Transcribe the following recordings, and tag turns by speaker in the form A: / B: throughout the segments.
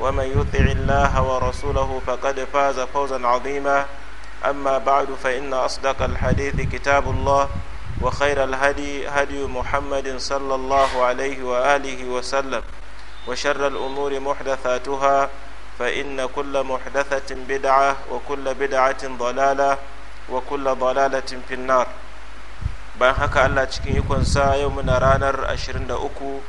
A: ومن يطع الله ورسوله فقد فاز فوزا عظيما أما بعد فإن أصدق الحديث كتاب الله وخير الهدي هدي محمد صلى الله عليه وآله وسلم وشر الأمور محدثاتها فإن كل محدثة بدعة وكل بدعة ضلالة وكل ضلالة في النار بان هكا الله تشكي يكون سا يومنا رانر 23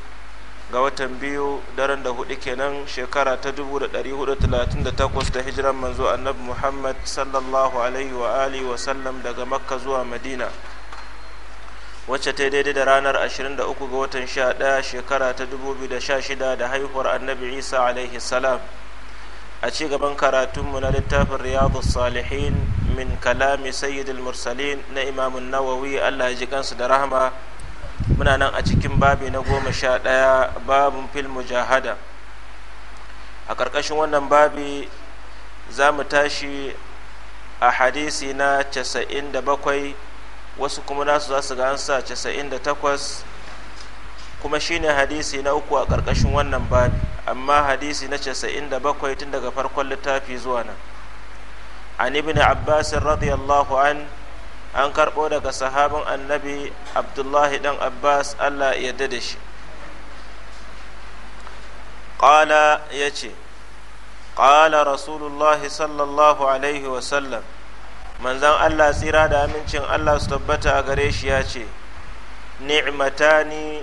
A: ga watan biyu daren da hudu kenan shekara ta 1438 ta hijiran manzo annabi muhammad sallallahu alaihi wa alihi wa sallam daga makka zuwa madina wacce ta daidai da ranar 23 ga watan 11 shekara ta 2016 da haihuwar annabi isa alaihi salam a ci gaban karatunmu na littafin riyadu salihin min kalami sayyidul mursalin na imamun nawawi allah ya ji kansu da rahama muna nan a cikin babi na goma sha ɗaya babin fil mujahada a ƙarƙashin wannan babi za mu tashi a hadisi na casa'in da bakwai wasu kuma nasu za su ga an sa casa'in da takwas kuma shine hadisi na uku a ƙarƙashin wannan babi amma hadisi na casa'in da bakwai tun daga farkon littafi zuwa nan an ibn abbasin radiyallahu an an karɓo daga sahabin annabi abdullahi dan abbas allah yadda da shi ƙala ya ce ƙala rasulullahi sallallahu alaihi wasallam manzan allah tsira da amincin allah su tabbata a gare shi ya ce ni'matani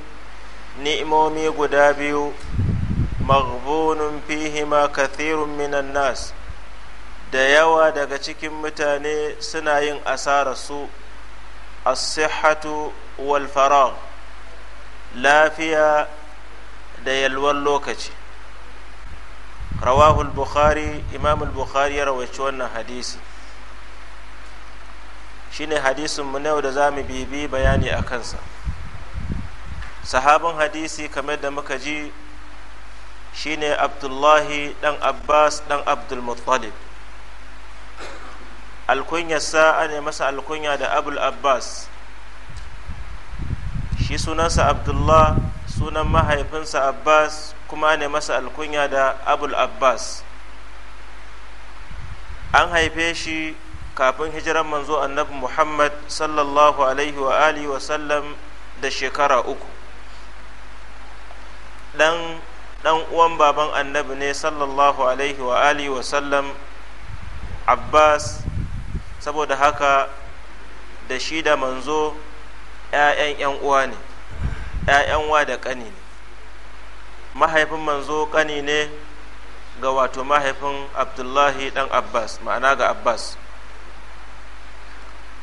A: ni'imomi guda biyu maghbunun fihima kathirun minan nas da yawa daga cikin mutane suna yin asararsu as-sihhatu wal faragh lafiya da yalwar lokaci rawahul bukhari imam bukhari ya rawaici wannan hadisi shine hadisin mu yau da zamu bibi bayani a kansa sahabin hadisi kamar da muka ji shine abdullahi dan abbas dan abdulmuttalib alkunyarsa ne masa alkunya da abul abbas shi sunansa abdullah sunan mahaifinsa abbas kuma ne masa alkunya da abul abbas an haife shi kafin hijiran manzo annabi muhammad sallallahu alaihi wa alihi wa sallam da shekara uku dan dan uwan baban annabi ne sallallahu alaihi wa alihi wa sallam abbas saboda haka da shi da manzo 'ya'yan 'yan uwa ne 'ya'yan wa da ƙani ne mahaifin manzo ƙani ne ga wato mahaifin abdullahi ɗan abbas ma'ana ga abbas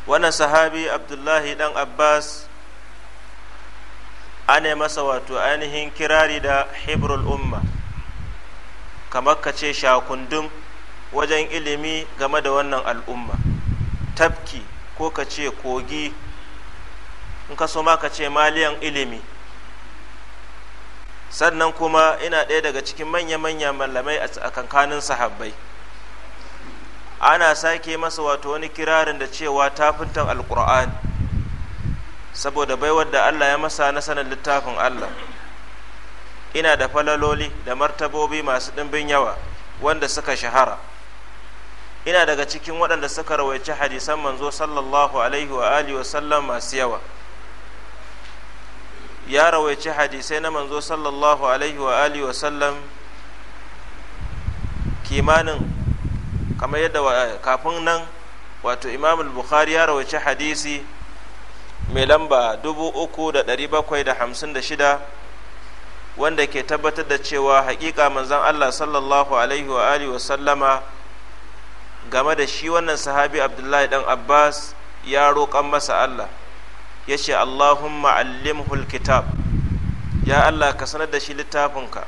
A: wannan sahabi abdullahi ɗan abbas ana masa wato ainihin kirari da hibrul umma kamar ka ce shakundun wajen ilimi game da wannan al'umma tafki ko ka ce kogi in ka so ma ka ce maliyan ilimi sannan kuma ina ɗaya daga cikin manya-manya mallamai a kankanin sahabbai ana sake masa wato wani kirarin da cewa tafintan alkur'ani saboda baiwar da allah ya masa na sanin littafin allah ina da falaloli da martabobi masu ɗimbin yawa wanda suka shahara ina daga cikin waɗanda suka rawaici hadisan manzo sallallahu alaihi wa alihi wa sallam masu yawa ya rawaici hadisai na manzo sallallahu alaihi wa alihi wa sallam kimanin kamar yadda kafin nan wato imam al-bukhari ya rawaici hadisi mai lamba 3756 wanda ke tabbatar da cewa haƙiƙa manzon Allah sallallahu alaihi wa alihi wa sallama game da shi wannan sahabi abdullahi dan abbas ya roƙan masa allah ya ce allahumma allimhul kitab ya allah ka sanar da shi littafinka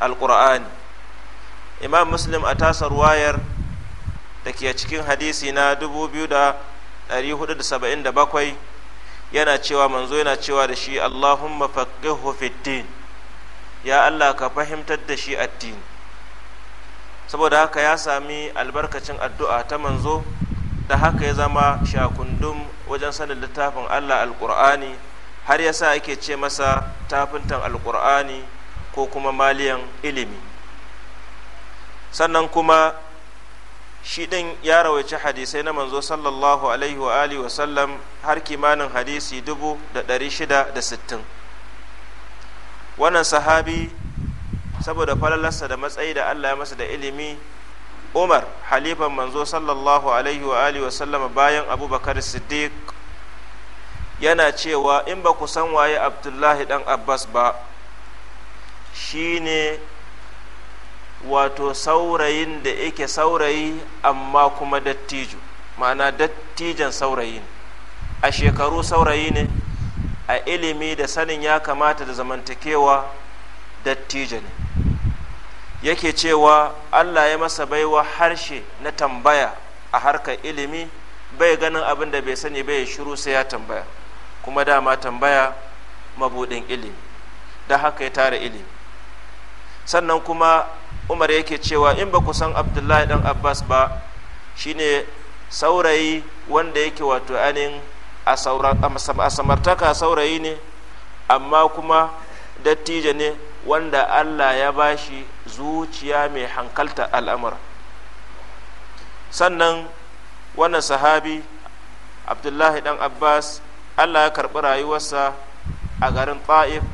A: alƙur'ani imam muslim a tasa wayar da ke cikin hadisi na 2477 yana cewa manzo yana cewa da shi allahumma faqihu ya allah ka fahimtar da shi addini saboda haka ya sami albarkacin addu'a ta manzo da haka ya zama shakundum wajen sanin littafin allah alƙur'ani har ya yasa ake ce masa tafintan alƙur'ani ko kuma maliyan ilimi sannan kuma shi ɗin ya rawaici hadisai na manzo sallallahu alaihi wa alihi wasallam har kimanin hadisi dubu da ɗari shida da sittin wannan sahabi saboda falalarsa da matsayi da Allah ya masa da ilimi Umar halifan manzo sallallahu alaihi wa alihi wa sallam bayan Abubakar Siddiq yana cewa in ba ku san waye Abdullahi dan Abbas ba shine wato saurayin da yake saurayi amma kuma dattijo ma'ana dattijan saurayi ne a shekaru saurayi ne a ilimi da sanin ya kamata da zamantakewa dattijo ne yake cewa allah ya masa baiwa harshe na tambaya a harkar ilimi bai ganin abin da bai sani bai shiru sai ya tambaya kuma dama tambaya mabudin ilimi da haka ya tara ilimi sannan kuma umar yake cewa in ba ku san abdullahi dan abbas ba shine saurayi wanda yake wato anin a samartaka saurayi ne amma kuma dattijo ne wanda Allah ya ba shi zuciya mai hankalta al'amura sannan wannan sahabi abdullahi dan abbas Allah ya karɓi rayuwarsa a garin ta'if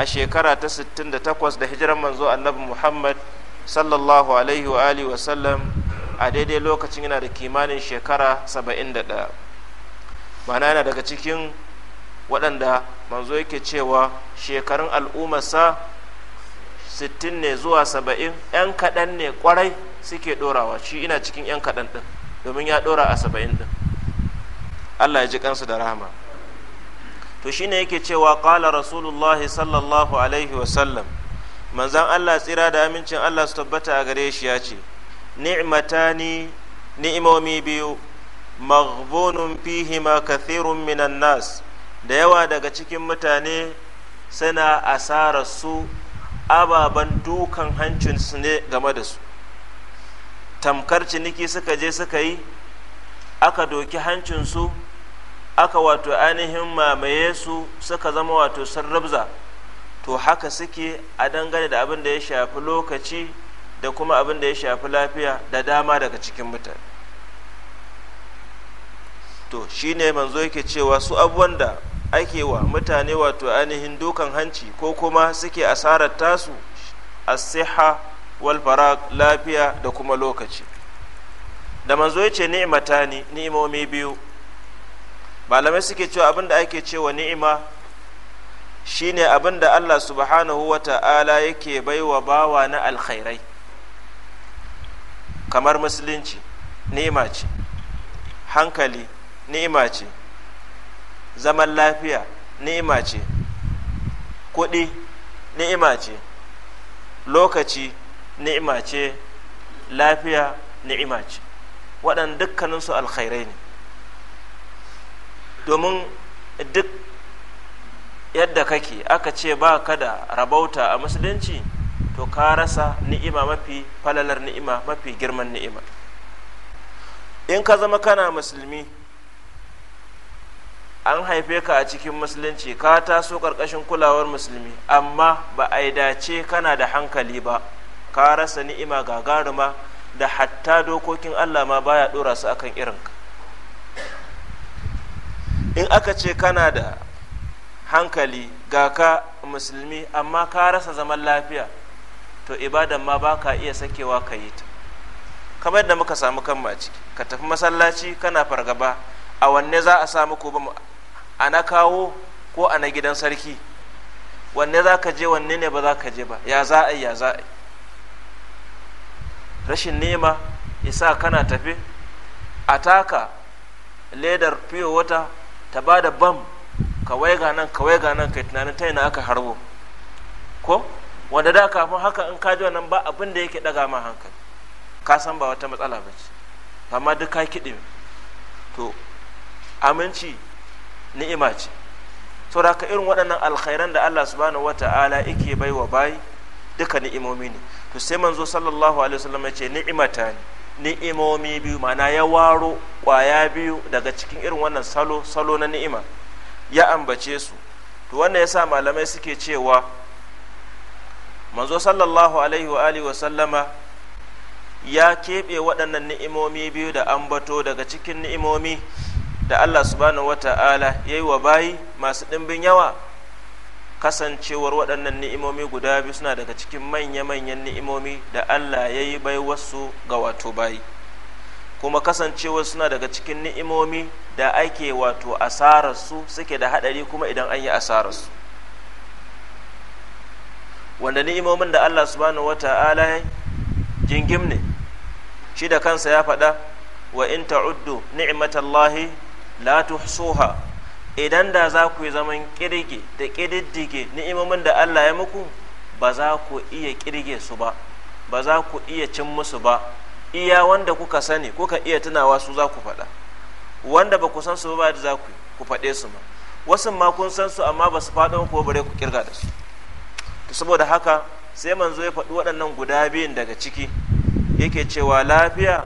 A: a shekara ta 68 da hijiran manzo annabi muhammad sallallahu alaihi wa alihi wasallam a daidai lokacin yana da kimanin shekara 71 ma'ana yana daga cikin waɗanda manzo yake cewa shekarun al'ummarsa 60 ne zuwa 70 'yan kaɗan ne kwarai suke ɗorawa shi ina cikin 'yan kaɗan ɗin domin ya ɗora a 70 ɗin allah ya ji kansu da rahama to shine yake cewa ƙala rasulullahi sallallahu alaihi wasallam manzan allah tsira da amincin allah su tabbata a gare shi ya ce ni'matani ni'imomi biyu maghbunun fihima kathirun minan nas da yawa daga cikin mutane suna asarar su ababen dukan hancinsu ne game da su tamkar ciniki suka je suka yi aka doki hancin su aka wato ainihin mamaye su suka zama wato sarrabza to haka suke a dangane da abin da ya shafi lokaci da kuma abin da ya shafi lafiya da dama daga cikin mutane to shine manzo yake cewa su abubuwan da ake wa mutane wato ainihin dukan hanci ko kuma suke asarar tasu asiha wal farag lafiya da kuma lokaci da manzo yace ni'imata ne ni'imomi biyu malamai suke cewa abinda ake cewa ni'ima shine abinda Allah subhanahu wata'ala yake baiwa bawa na alkhairai kamar musulunci ni'ima ce hankali ni'ima ce zaman lafiya ni'ima ce kuɗi ni'ima ce lokaci ni'ima ce lafiya ni'ima ce waɗanda dukkaninsu alkhairai ne domin duk yadda kake aka ce ba ka da rabauta a musulunci to ka rasa ni'ima mafi falalar ni'ima mafi girman ni'ima in ka zama kana musulmi an haife ka a cikin musulunci ka taso karkashin kulawar musulmi amma ba a dace kana da hankali ba ka rasa ni'ima gagaruma da hatta dokokin allah ma baya ɗora su akan irinka in aka ce kana da hankali ga ka musulmi amma ka rasa zaman lafiya to ibadan ma ba ka iya sakewa ka yi ta kamar yadda muka samu kan ciki ka tafi masallaci kana fargaba a wanne za a samu ko ba a na kawo ko a na gidan sarki wanne za ka je wanne ne ba za ka je ba ya za a ya za a rashin nema isa kana tafi a taka ledar fiye wata ta ba da bam kawai ga nan kawai ga nan kai tunanin ta yana aka harbo ko wanda da kafin haka in ka ji wannan ba abin da yake daga ma hankali ka san ba wata matsala ba ce amma duk ka kiɗi to aminci ni'ima ce saboda ka irin waɗannan alkhairan da Allah subhanahu wata'ala yake baiwa bai duka ni'imomi ne to sai manzo sallallahu alaihi wasallam ya ce ni'imata ne ni'imomi biyu ma'ana ya waro kwaya biyu daga cikin irin wannan salo salo na ni'ima ya ambace su to wannan yasa malamai suke cewa manzo sallallahu alaihi wa alihi wa sallama ya keɓe waɗannan ni'imomi biyu da ambato daga cikin ni'imomi da Allah subhanahu wata'ala ya yi wa bayi masu ɗimbin yawa kasancewar waɗannan ni'imomi guda biyu suna daga cikin manya-manyan ni'imomi da Allah ya yi bai wasu ga wato bayi kuma kasancewar suna daga cikin ni'imomi da ake wato asararsu suke da haɗari kuma idan an yi asararsu wanda ni'imomin da Allah subhanahu wata'ala ya jingim ne shi da kansa ya faɗa wa in ta'uddu ni'matallahi la tuhsuha idan da za ku yi zaman kirge da kididdige ni'imomin da Allah ya muku ba za ku iya kirge su ba ba za ku iya cin musu ba iya wanda kuka sani kuka iya tunawa su za ku faɗa wanda ba ku san su ba da za ku ku faɗe su ma wasu ma kun san su amma ba su faɗo ko bare ku kirga da su to saboda haka sai manzo ya faɗi waɗannan guda biyun daga ciki yake cewa lafiya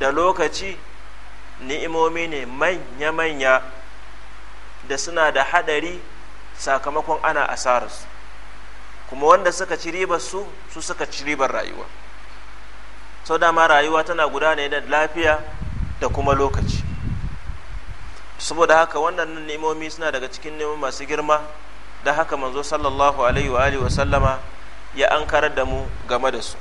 A: da lokaci ni'imomi ne manya-manya da suna da hadari sakamakon ana asararsu kuma wanda suka ci ribar su su suka ci ribar rayuwa sau dama rayuwa tana gudana da lafiya da kuma lokaci saboda haka wannan ni'imomi suna daga cikin neman masu girma da haka manzo sallallahu alaihi wa wa sallama ya ankarar da mu game da su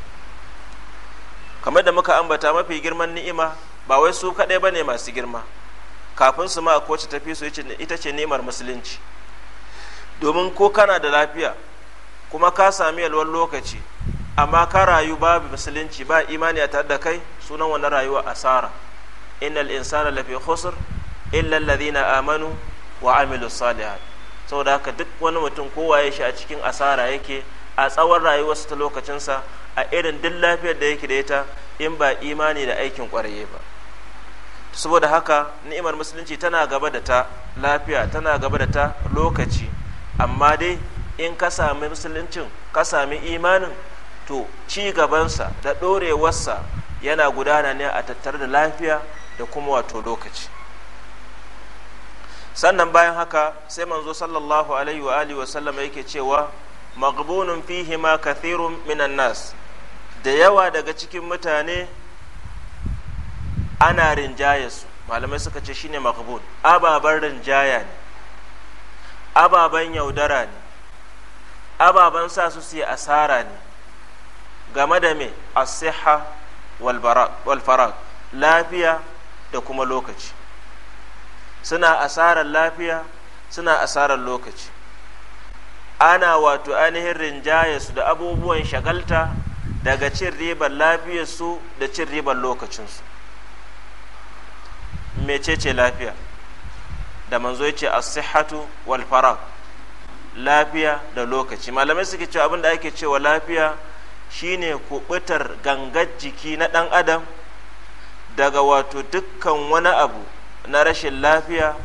A: kamar da muka ambata mafi girman ni'ima ba wai su kaɗai ba ne masu girma kafin su ma a kowace tafi su ita ce nemar musulunci domin ko kana da lafiya kuma ka sami yalwar lokaci amma ka rayu babu musulunci ba imani a tare da kai sunan wani rayuwa asara innal insana lafi khusr illa alladhina amanu wa amilu salihat saboda haka duk wani mutum kowa ya shi a cikin asara yake a tsawon rayuwarsa ta lokacinsa a irin duk lafiyar da yake da ita in ba imani da aikin ƙwarye ba saboda haka ni'imar musulunci tana gaba da ta lafiya tana gaba da ta lokaci amma dai in ka sami musuluncin ka sami imanin to ci gabansa da ɗorewarsa yana gudana ne a tattare da lafiya da kuma wato lokaci sannan bayan haka sai manzo sallallahu alaihi wa alihi yake cewa maghbunun fihima ma kathirun minan nas da yawa daga cikin mutane ana rinjaya malamai suka ce shine maqbul ababan rinjaya ne ababan yaudara ne ababan sa su su asara ne game da me asiha wal farag lafiya da kuma lokaci suna asarar lafiya suna asarar lokaci ana wato ainihin rinjaya su da abubuwan shagalta daga cin ribar lafiyarsu da cin ribar lokacinsu mecece lafiya da manzo yace as-sihhatu wal farag lafiya da lokaci malamai suke cewa abin da ake cewa lafiya shine kubutar gangar jiki na dan adam daga wato dukkan wani abu na rashin lafiya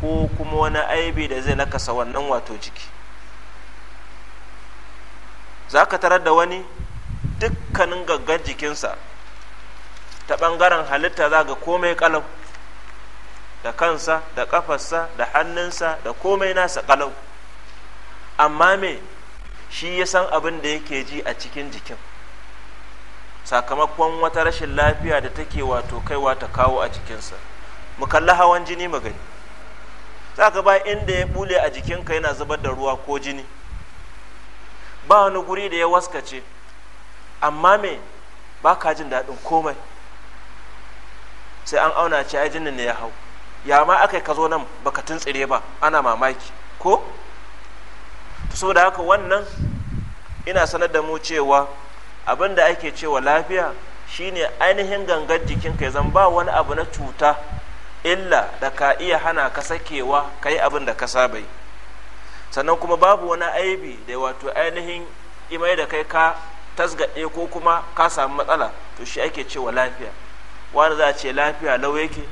A: ko kuma wani aibi da zai nakasa wannan wato jiki za ka tarar da wani dukkanin gaggar jikinsa ta ɓangaren halitta za ga komai kalau da kansa da kafarsa da hannunsa da komai nasa kalau amma me shi ya san abin da yake ji a cikin jikin sakamakon wata rashin lafiya da take wato kaiwa ta kawo a jikinsa mu kalli hawan jini mu gani za ka ba inda ya bule a jikinka yana zubar da ruwa ko jini ba wani guri da ya waskace amma me ba ka jin daɗin komai sai an auna ce ai jinin ne ya hau ya ma aka ka zo nan baka tuntsire ba ana mamaki ko to saboda haka wannan ina sanar da mu cewa abin da ake cewa lafiya shine ainihin gangar jikinka ya zan ba wani abu na cuta illa da ka iya hana ka sakewa ka yi abin da ka saba yi sannan kuma babu wani aibi da wato ainihin imai da kai ka tasgaɗe ko kuma ka samu matsala to shi ake cewa lafiya wani za a ce lafiya lau yake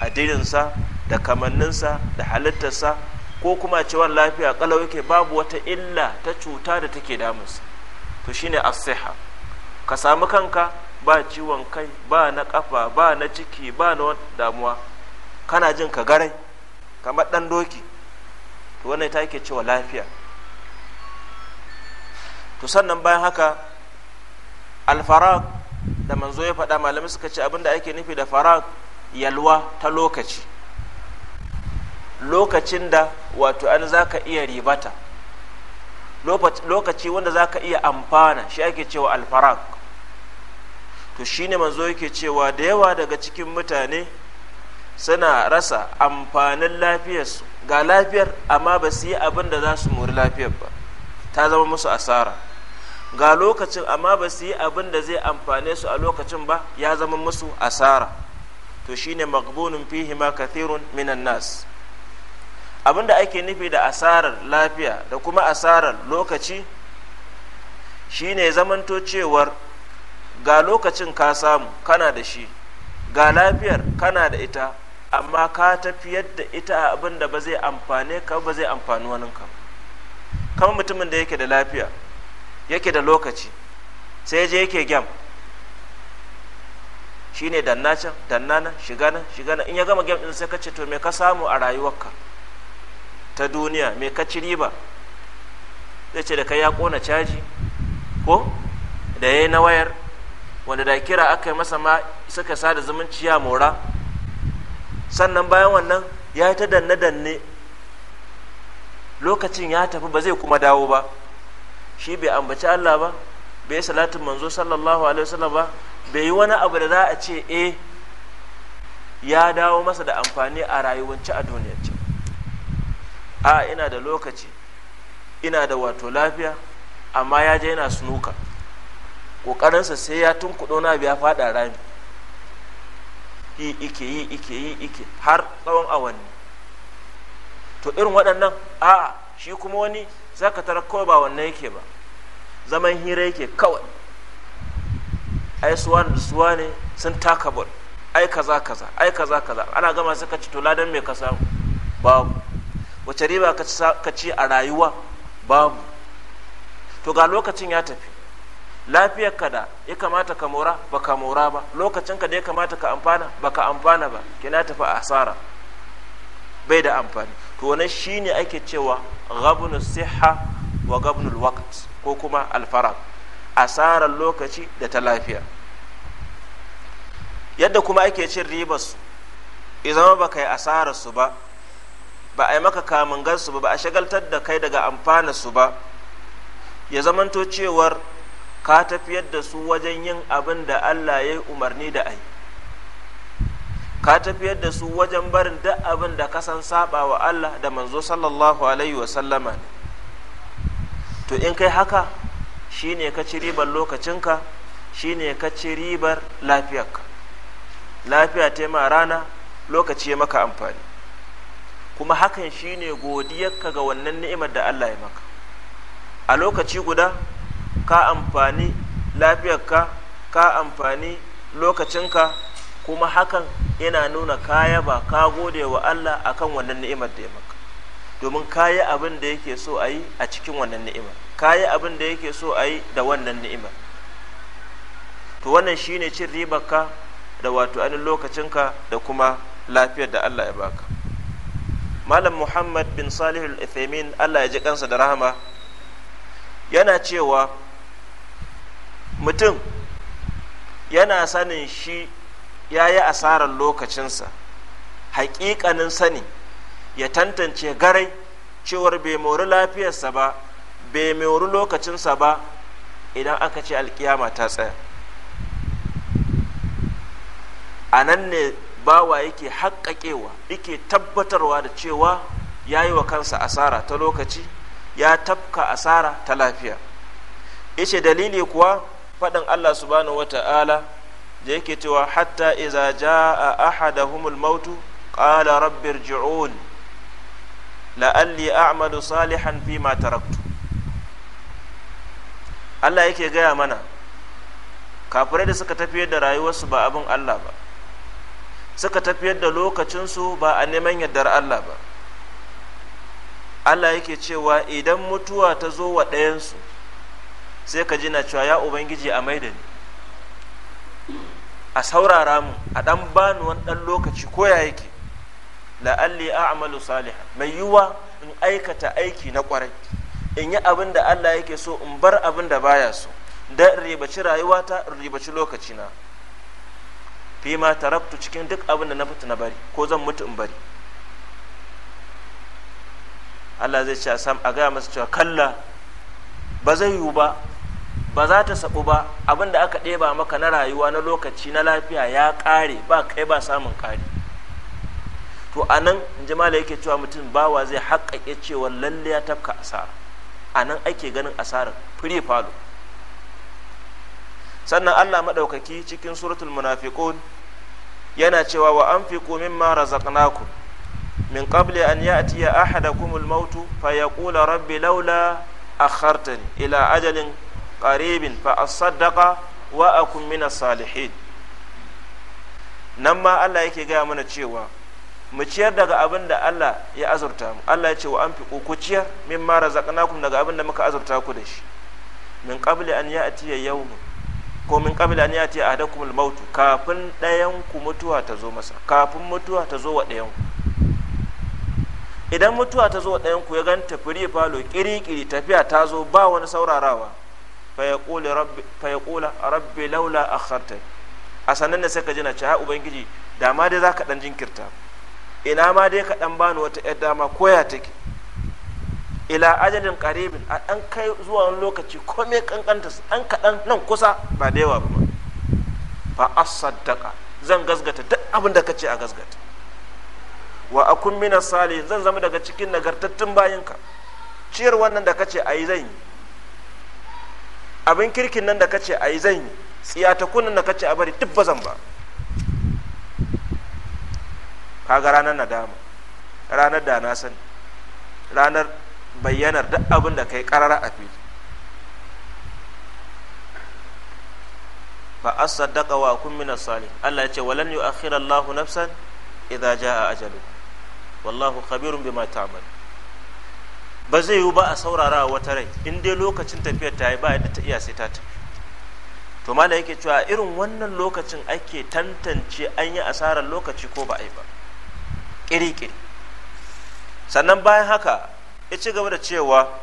A: addininsa da kamanninsa da halittarsa ko kuma ciwon lafiya kalau yake babu wata illa ta cuta da take damunsa to shine as ka samu kanka ba ciwon kai ba na kafa ba na ciki ba na damuwa kana jin ka garai kamar dan doki to wannan ta yake cewa lafiya to sannan bayan haka alfarag da manzo ya faɗa malamai suka ce abinda ake nufi da farag yalwa ta lokaci lokacin da wato an za ka iya ribata lokaci wanda za ka iya amfana shi ake cewa alfarak to shine manzo yake cewa da yawa daga cikin mutane suna rasa amfanin lafiyarsu ga lafiyar amma ba su yi abin da za su mori lafiyar ba ta zama musu asara ga lokacin amma ba su yi abin da zai amfane su a lokacin ba ya zama musu asara to shine magbunun fihi ma kathirun minan nas abinda ake nufi da asarar lafiya da kuma asarar lokaci shine zamanto cewar ga lokacin ka samu kana da shi ga lafiyar kana da ita amma ka tafiyar da ita abin da ba zai amfane ka ba zai amfani wani ka kamar mutumin da yake da lafiya yake da lokaci sai je yake gyam shine danna can danna nan shiga nan shiga nan in ya gama game din sai ka ce to me ka samu a rayuwarka ta duniya me ka ci riba zai ce da kai ya kona caji ko da yayi na wayar wanda da kira aka yi masa ma suka sada zumunci ya mora sannan bayan wannan ya yi ta danne danne lokacin ya tafi ba zai kuma dawo ba shi bai ambaci Allah ba bai salatin manzo sallallahu alaihi wasallam ba bai yi wani abu da za a ce eh ya dawo masa da amfani a rayuwanci a duniyarci a ina da lokaci ina da wato lafiya amma ya je yana sunuka ƙoƙarinsa sai ya tunkuɗo na biya faɗa rami yi ike yi ike yi ike har tsawon awanni to irin waɗannan a shi kuma wani zaka tara kawai ba wannan yake ba zaman hira yake kawai ai suwan da suwa ne sun taka bol ai kaza kaza ai kaza kaza ana gama sai ka ci to ladan me ka samu babu wace riba ka ci a rayuwa babu to ga lokacin ya tafi lafiyar ka da ya kamata ka mora ba ka mora ba lokacin ka da ya kamata ka amfana ba ka amfana ba kina tafi a asara bai da amfani to wannan shine ake cewa ghabnu siha wa gabnul waqt ko kuma alfarag asarar lokaci da ta lafiya yadda kuma ake cin ribarsu izama ba ka yi asararsu ba ba a yi maka kamun gansu ba ba a shagaltar da kai daga su ba ya zamanto cewar ka tafiyar da su wajen yin abin da allah ya yi umarni da ai ka tafiyar da su wajen barin duk abin da ka san saba wa allah da manzo sallallahu alaihi wasallama ne to in kai haka shine ka ci ribar lokacinka shine ka ci ribar lafiyarka lafiya ta ma rana lokaci ya maka amfani kuma hakan shine godiyarka ga wannan ni'imar da Allah ya maka a lokaci guda ka amfani lafiyarka ka amfani lokacinka kuma hakan yana nuna kaya ba ka gode wa Allah akan wannan ni'imar da ya maka domin kayi abin da yake so a yi a cikin wannan ni'imar kayi abin da yake so a yi da wannan ni'imar to wannan shine cin ribar ka da wato ainihin lokacinka da kuma lafiyar da Allah ya baka malam muhammad bin salihul al Allah ya ji kansa da rahama yana cewa mutum yana sanin shi ya yi asarar lokacinsa haƙiƙanin sani ya tantance garai cewar bai mori lafiyarsa ba bai mori lokacinsa ba idan aka ce alkiyama ta tsaya a nan ne bawa yake haƙaƙewa yake tabbatarwa da cewa ya yi wa kansa asara ta lokaci ya tafka asara ta lafiya ishe dalili kuwa faɗin allah subhanahu wata'ala da yake cewa hatta iza ja'a ahadahumul mautu qala rabbi irji'un la'alli a'malu salihan ma taraktu Allah yake gaya mana kafirai da suka tafiye da rayuwarsu ba abin Allah ba suka tafiyar da lokacinsu ba a neman yardar Allah ba Allah yake cewa idan mutuwa ta zo wa ɗayansu sai ka ji na cewa ya ubangiji a maida ne a saurara mu a ɗan bani wani ɗan lokaci ko ya yake la'alli a'malu saliha mai yiwuwa in aikata aiki na ƙwarai in yi abin da Allah yake so in bar abin da baya so da ribaci rayuwata in ribaci lokacina fi ma taraktu cikin duk abin da na fita na bari ko zan mutu in bari Allah zai ce sam a gaya masa cewa kalla ba zai yiwu ba ba za ta sabu ba abin da aka ɗeba maka na rayuwa na lokaci na lafiya ya ƙare ba kai ba samun ƙari to a nan jimala yake cewa mutum bawa zai haƙaƙe cewa lalle ya tafka asara a nan ake ganin asarar free follow sannan Allah maɗaukaki cikin suratul munafiqun yana cewa wa anfiqu mimma razaqnakum min qabli an ya'tiya al-maut mautu yaqula rabbi laula akhartani ila ajalin qaribin fa asaddaqa wa akun as salihin nan ma Allah yake gaya mana cewa mu ciyar daga abin da Allah ya azurta mu Allah ya ce wa anfiqu ku ciyar mimma razaqnakum daga abin da muka azurta ku da shi min qabli an ya'tiya yawmun ko min ce a yati kuma maut kafin ɗayan ku mutuwa ta zo masa kafin mutuwa ta zo wa ɗayan ku idan mutuwa ta zo wa ɗayan ku ya ganta firi falo kirikiri tafiya ta zo ba wani saurarawa fa yaqulu rabbi fa yaqulu rabbi laula akhartani a sannan da saka jina cewa ubangiji da ma dai zaka dan jinkirta ina ma dai ka dan bani wata yar dama koya take ila ajalin karibin a ɗan kai zuwa wani lokaci komai su ɗan kaɗan nan kusa ba da yawa ba fa sadaka zan gasgata duk abin da kace a gasgata wa akun mina sali zan zama daga cikin nagartattun bayinka ciyar wannan da kace ayi zan yi abin kirkin nan da kace ayi zan yi kunan da kace a bari duk ba zan ba kaga ranar nadama ranar da na sani ranar bayyanar duk abin da kai karara a fili fa asaddaqa wa kun min salih Allah ya ce walan yu'akhira Allahu nafsan idza jaa ajalu wallahu khabirun bima ta'mal ba zai yiwu ba a saurara wata rai in dai lokacin tafiyar ta yi ba yadda ta iya sai ta tafi to malai yake cewa irin wannan lokacin ake tantance an yi asarar lokaci ko ba a yi ba ƙiri-ƙiri sannan bayan haka ya ci gaba da cewa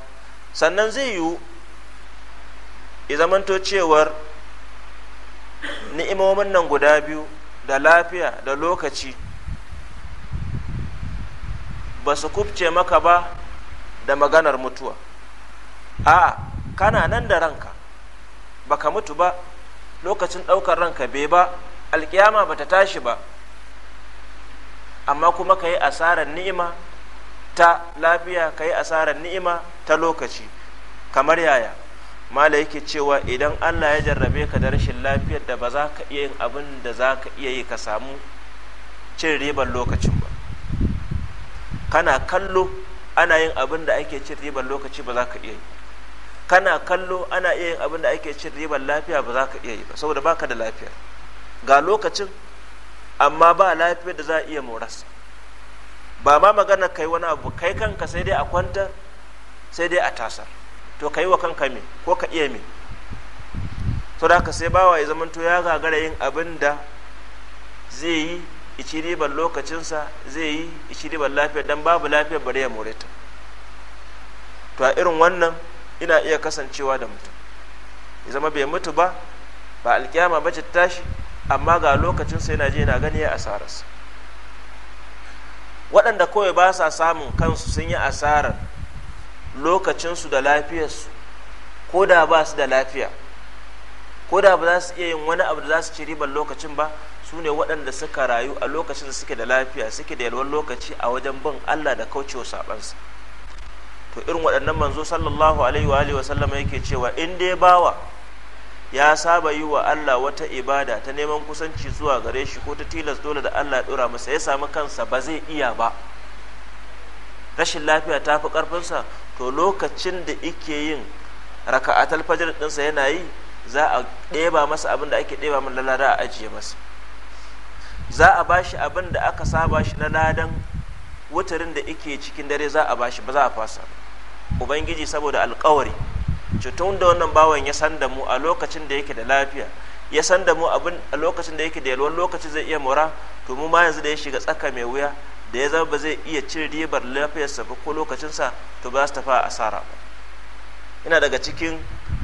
A: sannan zai yiwu ya zamanto cewar ni'imomin nan guda biyu da lafiya da lokaci ba su kubce maka ba da maganar mutuwa a kana nan da ranka baka mutu ba lokacin ɗaukar ranka bai ba alkiyama ta tashi ba amma kuma ka yi asarar ni'ima ta lafiya ka yi asarar ni'ima ta lokaci kamar yaya mala yake cewa idan allah ya jarrabe ka da rashin lafiyar da ba za ka iya yin abin da za ka iya yi ka samu cin ribar lokacin ba kana kallo ana yin abin da ake cin ribar lokaci ba za ka iya yi kana kallo ana iya yin abin da ake cin ribar lafiya ba za ka iya yi ba saboda baka da lafiya ga lokacin amma ba lafiyar da za a iya morasa ba ma magana kai wani abu kai kanka sai dai a kwantar sai dai a tasar to kai wa kanka me ko ka iya me to da sai bawa ya zamanto ya gagara yin abin da zai yi ici riban lokacinsa zai yi ici riban lafiya dan babu lafiya bare ya more ta to a irin wannan ina iya kasancewa da mutum ya zama bai mutu ba ba alkiyama bace tashi amma ga lokacinsa yana je yana gani ya asararsa waɗanda kawai ba sa samun kansu sun yi asarar lokacinsu da lafiyarsu ko da ba su da lafiya ko da ba za su iya yin wani abu da za su ci ribar lokacin ba su ne waɗanda suka rayu a lokacin da suke da lafiya suke da yalwar lokaci a wajen bin allah da kaucewa saɓansa to irin waɗannan manzo sallallahu alaihi wa alihi yake cewa in dai bawa ya saba yi wa Allah wata ibada ta neman kusanci zuwa gare shi ko ta tilas dole da Allah ya dora masa ya samu kansa ba zai iya ba rashin lafiya ta fi karfinsa to lokacin da ike yin raka'atul fajr ɗinsa yana yi za a ɗeba masa abin da ake ɗeba min lalada a ajiye masa za a bashi abin da aka saba shi na ladan wutarin da ike cikin dare za a bashi ba za a fasa ubangiji saboda alkawari cutun da wannan bawan ya san da mu a lokacin da yake da lafiya ya san da mu abin a lokacin da yake da yalwar lokaci zai iya mura to mu ma yanzu da ya shiga tsaka mai wuya da ya zama ba zai iya cin ribar lafiyarsa ba ko lokacinsa to ba su tafi asara ba ina daga cikin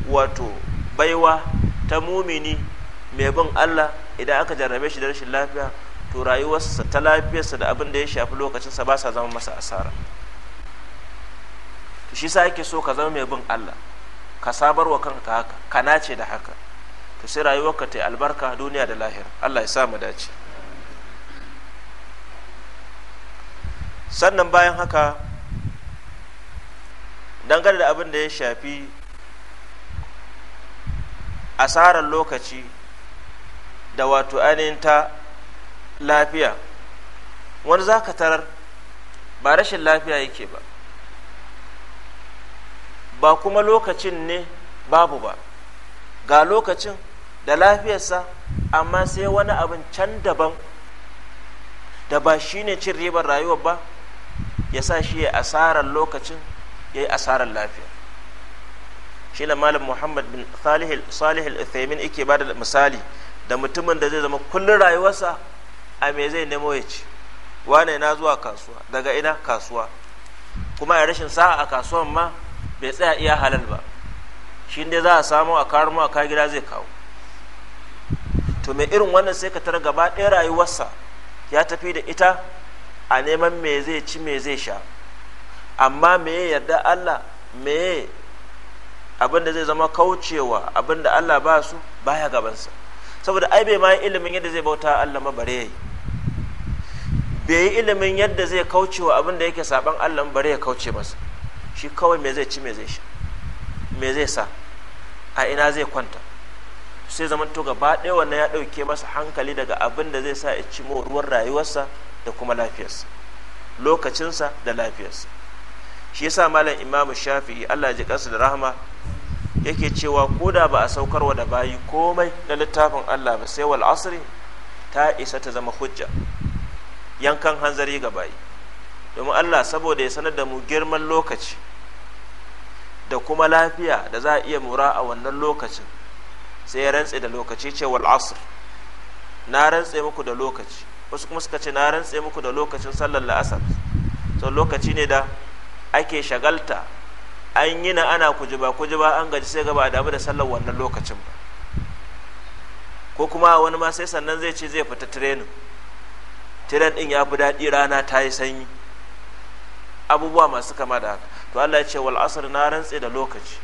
A: wato baiwa ta mumini mai bin Allah idan aka jarrabe shi da rashin lafiya to rayuwarsa ta lafiyarsa da abin da ya shafi lokacinsa ba sa zama masa asara shi sa ake so ka zama mai bin Allah ka sabar wa kanka haka ka nace da haka to sai ka ta albarka duniya da lahira Allah ya sa mu dace sannan bayan haka dangane da abin da ya shafi asarar lokaci da wato ainihin ta lafiya wani za ka tarar ba rashin lafiya yake ba ba kuma lokacin ne babu ba ga lokacin da lafiyarsa amma sai wani abin can daban da ba shi ne cin ribar rayuwar ba ya sa shi ya asarar lokacin ya yi asarar lafiya shi da malam muhammad bin salih al-uthaymin ike ba da misali da mutumin da zai zama kullum rayuwarsa a me zai nemo ya ci wane na zuwa kasuwa daga ina kasuwa kuma ya rashin sa'a a kasuwan ma bai tsaya iya halal ba shi dai za a samu a kawar mu a kawar gida zai kawo to mai irin wannan sai ka tara gaba ɗaya rayuwarsa ya tafi da ita a neman me zai ci me zai sha amma me ya yarda Allah me abin da zai zama kaucewa abin da Allah ba su baya gabansa saboda ai bai ma ilimin yadda zai bauta Allah ma bare yayi bai yi ilimin yadda zai kaucewa abin da yake saban Allah bare ya kauce masa shi kawai me zai ci me zai sha me zai sa a ina zai kwanta sai zama to gaba ɗaya wannan ya ɗauke masa hankali daga abin da zai sa ya ci ruwan rayuwarsa da kuma lafiyarsa lokacinsa da lafiyarsa shi yasa malam imamu shafi'i allah ji kansa da rahama yake cewa ko da ba a saukarwa da bayi komai na littafin allah ba sai wal asri ta isa ta zama hujja yankan hanzari ga bayi domin allah saboda ya sanar da mu girman lokaci da kuma lafiya da za a iya mura a wannan lokacin sai ya rantse da lokaci ce wal asr na rantse muku da lokaci wasu kuma suka ce na rantse muku da lokacin sallar la'asar so lokaci ne da ake shagalta an yi na ana kujiba kujiba an gaji sai gaba a damu da sallar wannan lokacin ba ko kuma wani ma sai sannan zai ce zai fita tirenin tiren din ya fi daɗi rana ta yi sanyi abubuwa masu kama da haka to Allah ya ce wal asr na rantse da lokaci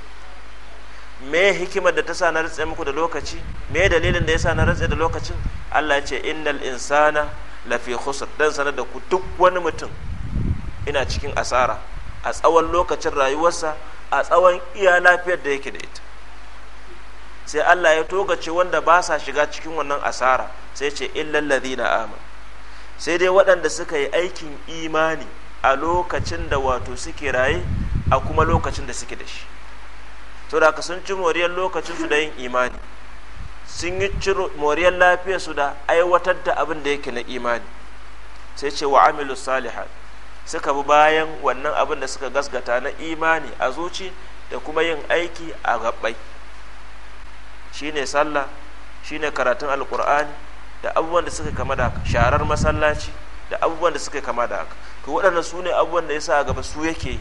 A: me hikimar da ta sa na rantse muku da lokaci me dalilin da ya sa na rantse da lokacin Allah ya ce innal insana lafi khusr dan sanar da ku duk wani mutum ina cikin asara a tsawon lokacin rayuwarsa a tsawon iya lafiyar da yake da ita sai Allah ya togace wanda ba sa shiga cikin wannan asara sai ce illal ladina amin sai dai waɗanda suka yi aikin imani a lokacin da wato suke raye a kuma lokacin da suke da shi to da sun ci moriyar lokacin su da yin imani sun yi moriyar lafiyar su da aiwatar da abin da yake na imani sai ce wa amilu salihat suka bi bayan wannan abin da suka gasgata na imani a zuci da kuma yin aiki a gabbai shine sallah shine karatun alkur'ani da abubuwan da suka kama da sharar masallaci da abubuwan da suka kama da haka to waɗannan su ne abubuwan da ya sa a gaba su yake yi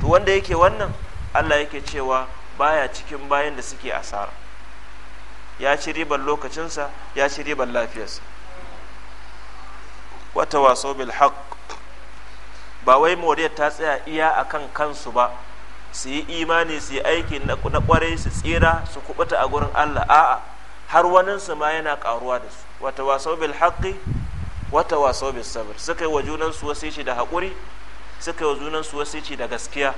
A: to wanda yake wannan allah yake cewa baya cikin bayan da suke asara ya ci ribar lokacinsa ya ci ribar lafiyarsa wata waso bil ba wai moriyar ta tsaya iya a kan kansu ba su yi imani su yi aiki na kwarai su tsira su kubuta a gurin allah a'a har waninsu ma yana karuwa da su wata waso bil wata wasau bis sabr suka yi wa junan su wasici da haƙuri suka yi wa junan su wasici da gaskiya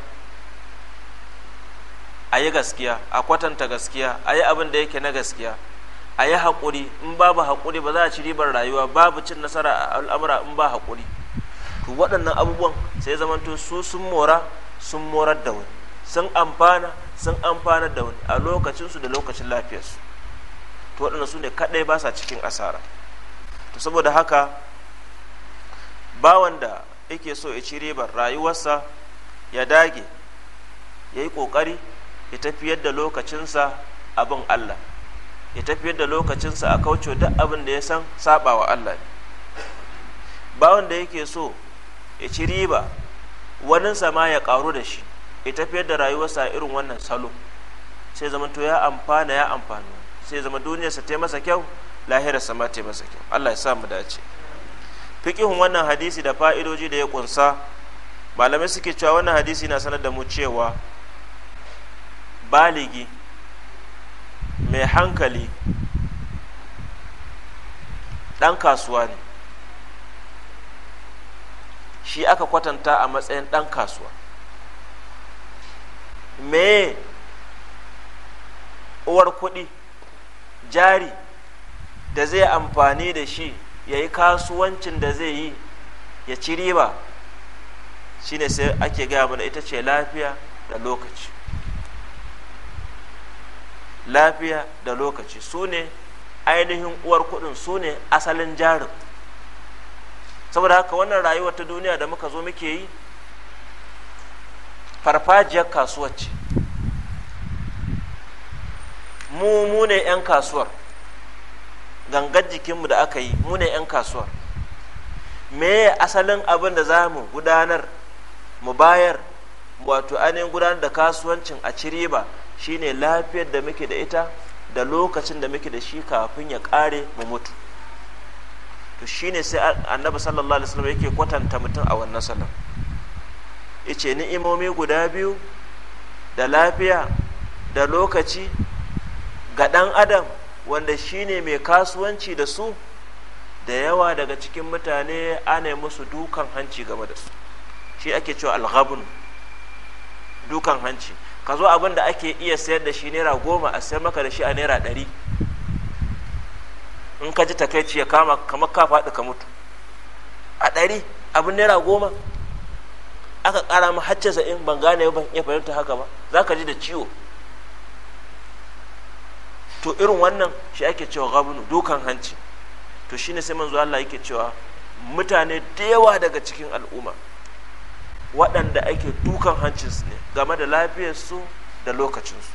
A: a yi gaskiya a kwatanta gaskiya a yi abin da yake na gaskiya a yi haƙuri in babu haƙuri ba za a ci ribar rayuwa babu cin nasara a al'amura in ba haƙuri to waɗannan abubuwan sai zamanto su sun mora sun morar da wani sun amfana sun amfana da wani a lokacinsu da lokacin lafiyarsu to waɗannan su ne kaɗai ba sa cikin asara to saboda haka bawan da yake so ya ci ribar rayuwarsa ya dage ya yi ƙoƙari ya tafiyar da lokacinsa abin Allah ya tafiyar da lokacinsa a kauce duk abin da ya san saba wa Allah bawan da yake so ya ci riba waninsa ma ya ƙaru da shi ya tafiyar da rayuwarsa a irin wannan salo sai zamanto ya amfana ya amfano sai zama duniyarsa ta masa kyau lahirarsa ma ta masa kyau Allah ya sa mu dace fiqihun wannan hadisi da fa'idoji da ya kunsa malamai suke cewa wannan hadisi na sanar da mu cewa baligi mai hankali ɗan kasuwa ne shi aka kwatanta a matsayin ɗan kasuwa me uwar kuɗi jari da zai amfani da shi ya yi kasuwancin da zai yi ya ci riba shine sai ake gaya mana ita ce lafiya da lokaci lafiya da lokaci su ne ainihin uwar kudin su ne asalin jarin saboda haka wannan rayuwar ta duniya da muka zo muke yi farfajiyar kasuwar ce mu mu 'yan kasuwar gangar jikinmu da aka yi mune 'yan kasuwar me asalin abin da za mu gudanar mu bayar wato ainihin gudanar da kasuwancin a ci shi shine lafiyar da muke da ita da lokacin da muke da shi kafin ya kare mu mutu to shine sai annabi sallallahu alaihi wasallam yake kwatanta mutum a wannan sallar yace imomi guda biyu da lafiya da lokaci ga ɗan adam wanda shine mai kasuwanci da su da yawa daga cikin mutane ana musu dukan hanci game da su shi ake cewa alghabun dukan hanci ka zo abin da ake iya sayar da shi naira goma a sayar maka da shi a naira ɗari in ka ji takaici ya kama kamar ka faɗi ka mutu a ɗari abin naira goma aka ƙara ma haccasa in ban gane ban iya fahimta haka ba za ka ji da ciwo to irin wannan shi ake cewa gabnu dukan hanci to shine sai manzo Allah yake cewa mutane da yawa daga cikin al'umma waɗanda ake dukan hancinsu ne game da lafiyarsu da lokacinsu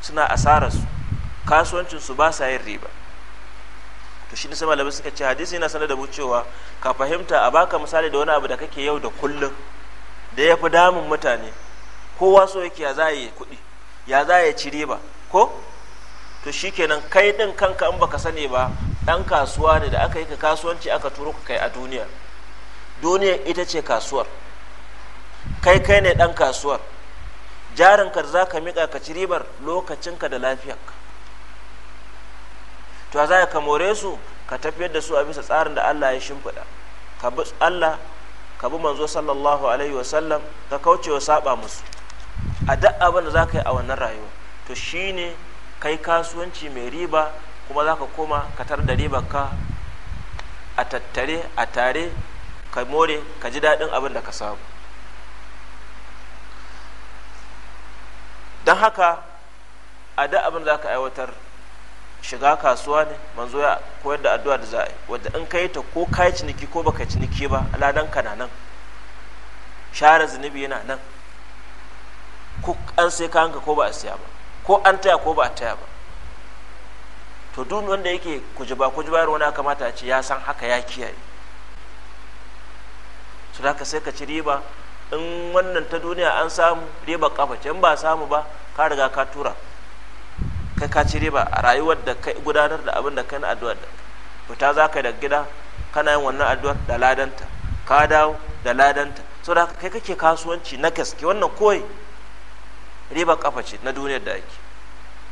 A: suna asararsu kasuwancinsu ba sa yin riba to shi sai malamai suka ce hadisi yana sanar da mu cewa ka fahimta a baka misali da wani abu da kake yau da kullum da ya fi damun mutane kowa so yake ya za yi kuɗi ya za ya ci riba ko to shikenan kai din kanka in baka sani ba ɗan kasuwa ne da aka yi ka kasuwanci aka turo ka kai a duniya duniya ita ce kasuwar kai kai ne ɗan kasuwar jarinka za ka miƙa ka ci ribar lokacinka da lafiyarka to za ka more su ka tafiyar da su a bisa tsarin da Allah ya shimfiɗa ka bi Allah ka bi manzo sallallahu alaihi wasallam ka kauce wa saba musu a duk abin da za ka yi a wannan rayuwa to shine kai kasuwanci mai riba kuma za ka koma ka tar da riba ka a tattare a tare ka more ka ji daɗin abin da ka samu don haka a da abin za ka aiwatar shiga kasuwa ne manzo ya koyar da addu'a da za'a wadda in ka yi ta ko ka yi ciniki ko baka ciniki ba aladan ka na nan share zunubi yana nan ko an sai ka kayanka ko ba a siya ba ko an taya ko ba a taya ba to duk wanda yake kujiba kujiba wani kamata a ce ya san haka ya kiyaye su da ka sai ka ci riba in wannan ta duniya an samu riba kafa in ba samu ba ka riga ka tura kai ka ci riba a rayuwar da kai gudanar da abin da kai na addu'ar da fita za ka da gida kana yin wannan addu'ar da ladanta ka dawo da ladanta saboda haka kai kake kasuwanci na gaske wannan koyi riba kafa ce na duniyar da ake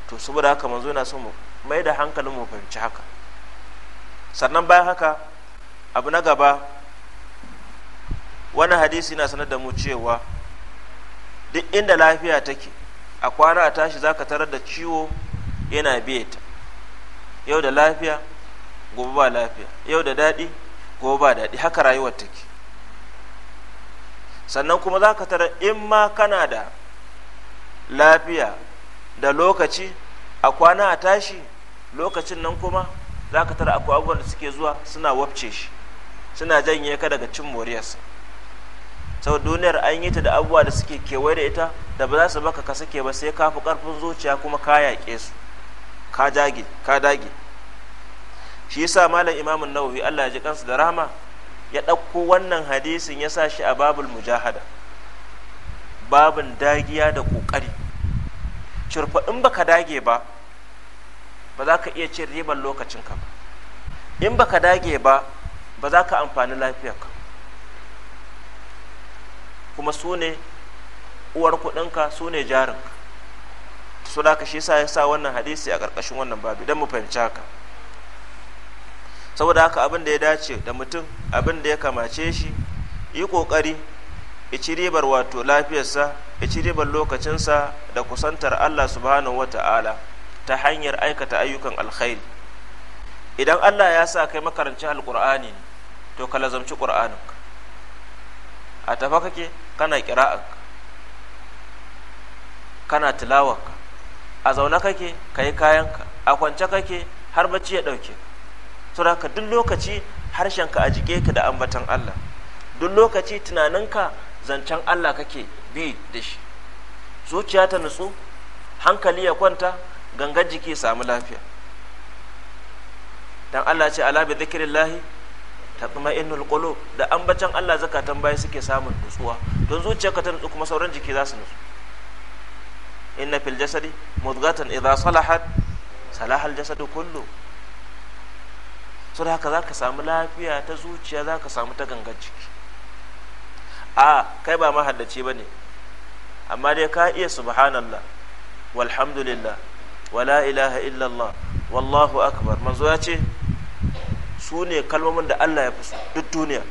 A: to saboda haka manzo yana son mu mai da hankalin mu fahimci haka sannan bayan haka abu na gaba wani hadisi na sanar da mu cewa duk inda lafiya take a kwana a tashi zaka tarar da ciwo yana biye ta yau da lafiya gobe ba lafiya yau da daɗi gobe ba daɗi haka rayuwar take sannan kuma zaka ka tara in ma kana da lafiya da lokaci a kwana a tashi lokacin nan kuma za ka tara akwai abubuwan da suke zuwa suna wabce shi suna janye ka daga cin moriyarsa sau duniyar an yi ta da abubuwa da suke kewaye da ita da ba za su baka ka suke ba sai ka fi karfin zuciya kuma ka yaƙe su ka dage ka dage shi yasa malam imamun nawawi Allah ya ji kansu da rahama ya ɗauko wannan hadisin ya sa shi a babul mujahada babin dagiya da ƙoƙari shirfa in baka dage ba ba za ka iya cin ribar lokacinka ba in baka dage ba ba za ka amfani lafiyarka kuma su ne uwar kudinka su ne jarinka su da shi sa ya sa wannan hadisi a ƙarƙashin wannan babi don mu fahimci haka saboda haka abin da ya dace da mutum abin da ya kamace shi yi ƙoƙari ici ribar wato lafiyarsa ici ribar lokacinsa da kusantar Allah subhanahu ta'ala ta hanyar aikata ayyukan alkhairi idan Allah ya sa kai makarancin alkur'ani to ka lazamci qur'aninka a tafa kake kana kira'anka kana tilawarka a zaune kake ka yi kayanka a kwance kake har bacci ya ɗauke to da duk lokaci harshenka a jike ka da ambatan Allah duk lokaci tunaninka zancen Allah kake bi da shi zuciya ta nutsu hankali ya kwanta gangan jiki samu lafiya dan Allah ce ala bi dhikrillahi tatma'innul qulub da ambacin Allah zakatan bai suke samun nutsuwa don zuciyarka ta nutsu kuma sauran jiki za su nutsu inna fil jasadi mudghatan idha salahat salaha al jasadu kullu so da haka zaka samu lafiya ta zuciya zaka samu ta gangan jiki a kai ba mahaddaci ba ne amma dai ka iya subhanallah walhamdulillah wala ilaha illallah wallahu akbar manzo ya ce su ne kalmomin da Allah ya fi so duk duniya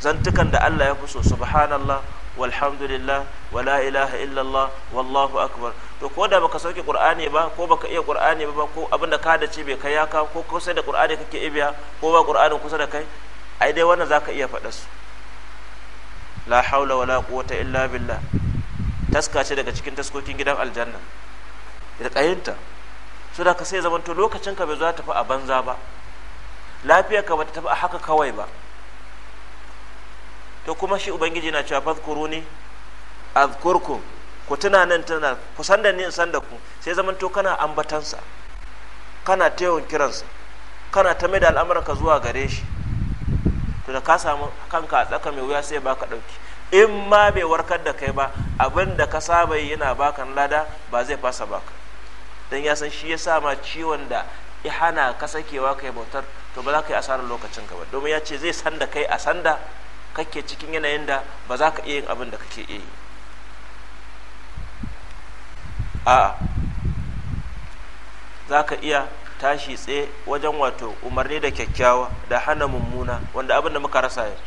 A: zantukan da Allah ya fi so subhanallah walhamdulillah wala ilaha illallah wallahu akbar to ko da baka sauke qur'ani ba ko baka iya qur'ani ba ko abinda ka da ce bai kai ya ka ko kusa da qur'ani kake ibiya ko ba qur'ani kusa da kai ai dai wannan zaka iya faɗa su la haula wala quwwata illa billah taska ce daga cikin taskokin gidan aljanna rikayinta su da ka sai to lokacin ka bai zo tafi a banza ba lafiyar ka bata tafi a haka kawai ba to kuma shi ubangiji na cewa fadkuruni azkurkum ku tuna nan tana ku san da ni in san da ku sai zamanto kana ambatansa kana tayon kiransa kana ta mai da al'amuranka zuwa gare shi to da ka samu kanka a tsaka mai wuya sai ba ka ɗauki in ma bai warkar da kai ba abin da ka saba yana baka lada ba zai fasa baka don ya san shi ya sa ma ciwon da ya hana ka sakewa kai bautar to ba za ka yi asarar lokacin ka ba domin ya ce zai san da kai a sanda kake cikin yanayin da ba za ka iya yin abin da kake iya yi a'a za ka iya tashi tsaye wajen wato umarni da kyakkyawa da hana mummuna wanda abin da muka rasa yanzu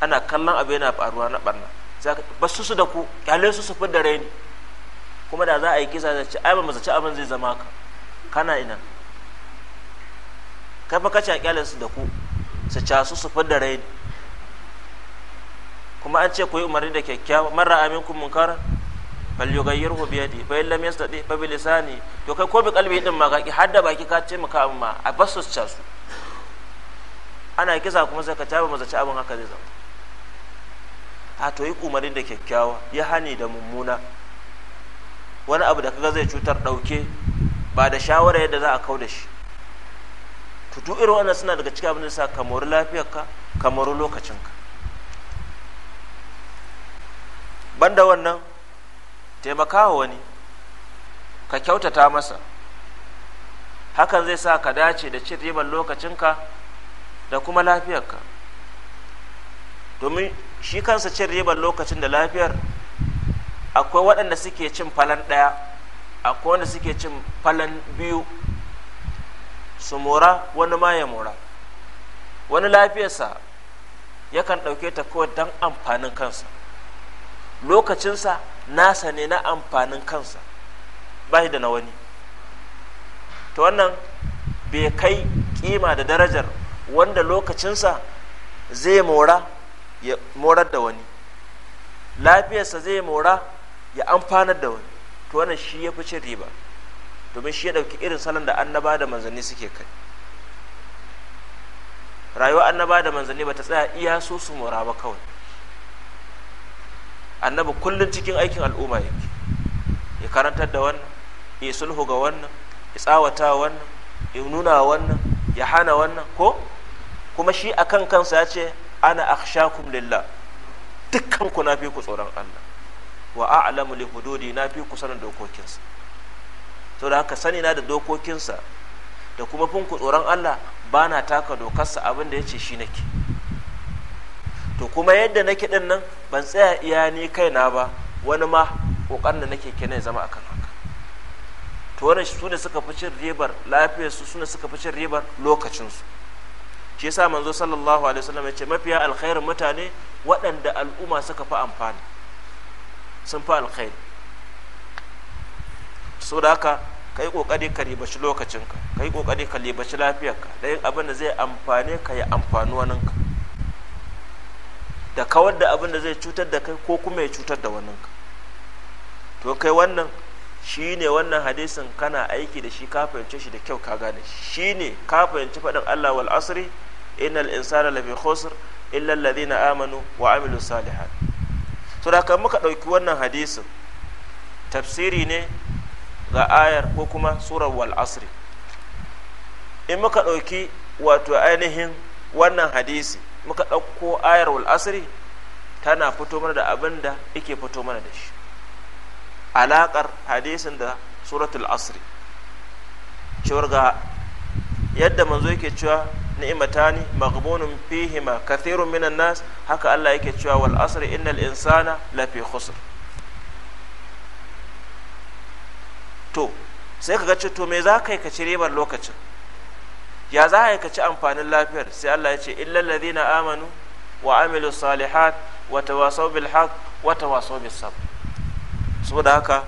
A: ana kallon abu yana faruwa na barna ba su su da ku kyale su su fi da raini kuma da za a yi kisa da ci ai masu ci abin zai zama ka kana ina kai fa kace kyale su da ku su ca su su fi da raini kuma an ce ku yi umarni da kyakkyawa mara amin kun munkara fal yughayyirhu bi yadi fa illam yastati fa bi lisani to kai ko bi kalbi din ma ka har da baki ka ce maka ma a basu su su ana kisa kuma sai ka taba mazaci abin haka zai zama a to yi kumarin da kyakkyawa ya hani da mummuna wani abu da kaga zai cutar dauke ba da shawara yadda za a kau da shi to duk irin wannan suna daga cikin abin da sa kamar lafiyarka kamar lokacinka banda wannan taimakawa wani ka kyautata masa hakan zai sa ka dace da cin ribar lokacinka da kuma lafiyarka domin shi kansa cin ribar lokacin da lafiyar akwai waɗanda suke cin falan ɗaya akwai wanda suke cin falan biyu su mora wani ma ya mora wani lafiyarsa yakan ɗauke ta kawai don amfanin kansa lokacinsa nasa ne na amfanin kansa ba shi da na wani ta wannan bai kai kima da darajar wanda lokacinsa zai mora ya morar da wani lafiyarsa zai mora ya amfanar da wani ta wannan shi ya fi cin riba domin shi ya ɗauki irin salon da annaba da manzanni suke kai rayuwa annaba da manzanni ba ta tsaya iya su su mora ba kawai annabi kullum cikin aikin al'umma yake ya karantar da wannan ya sulhu ga wannan ya tsawata wannan ya nuna wannan ya hana wannan ko kuma shi a kan kansa ya ce ana akhshakum lillah lilla, ku na fi ku tsoron Allah wa a'lamu li hududi na fi ku sanin dokokinsa to da haka sani na da dokokinsa da kuma fin ku tsoron Allah bana na taka dokarsa abin da ya ce shi nake to kuma yadda nake din nan ban tsaya iya ni kaina ba wani ma kokarin da nake kene zama akan haka to wannan su ne suka fi cin ribar lafiyar su sune suka fi cin ribar lokacin su shi yasa manzo sallallahu alaihi wasallam ya ce mafiya alkhairin mutane waɗanda al'umma suka fi amfani sun fi alkhairi da haka ka yi ƙoƙari ka ribaci lokacinka ka yi ƙoƙari ka ribaci lafiyarka da abin da zai amfane ka ya amfani waninka da kawar da abin da zai cutar da kai ko kuma ya cutar da wannan ka to kai wannan shi ne wannan hadisin kana aiki da shi ka fahimce shi da kyau ka gane shi ne ka fahimci faɗin Allah wal asri innal insana lafi khusr illa alladhina amanu wa amilu salihan to da kan muka ɗauki wannan hadisin tafsiri ne ga ayar ko kuma surar wal asri in muka ɗauki wato ainihin wannan hadisi muka ɗauko ayar wal asiri tana fito mana da abin da yake fito mana da shi alaƙar hadisin da suratul asiri cewar ga yadda manzo yake cewa ni'imatani maghbunun ma kathirun minan nas haka Allah yake cewa wal asri innal insana lafi khusr to sai kaga ce to me za ka yi ka ci lokacin ya za a ci amfanin lafiyar sai Allah ya ce illal ladina amanu wa amilu salihat wa tawasaw bil wata wa Bisab, saboda haka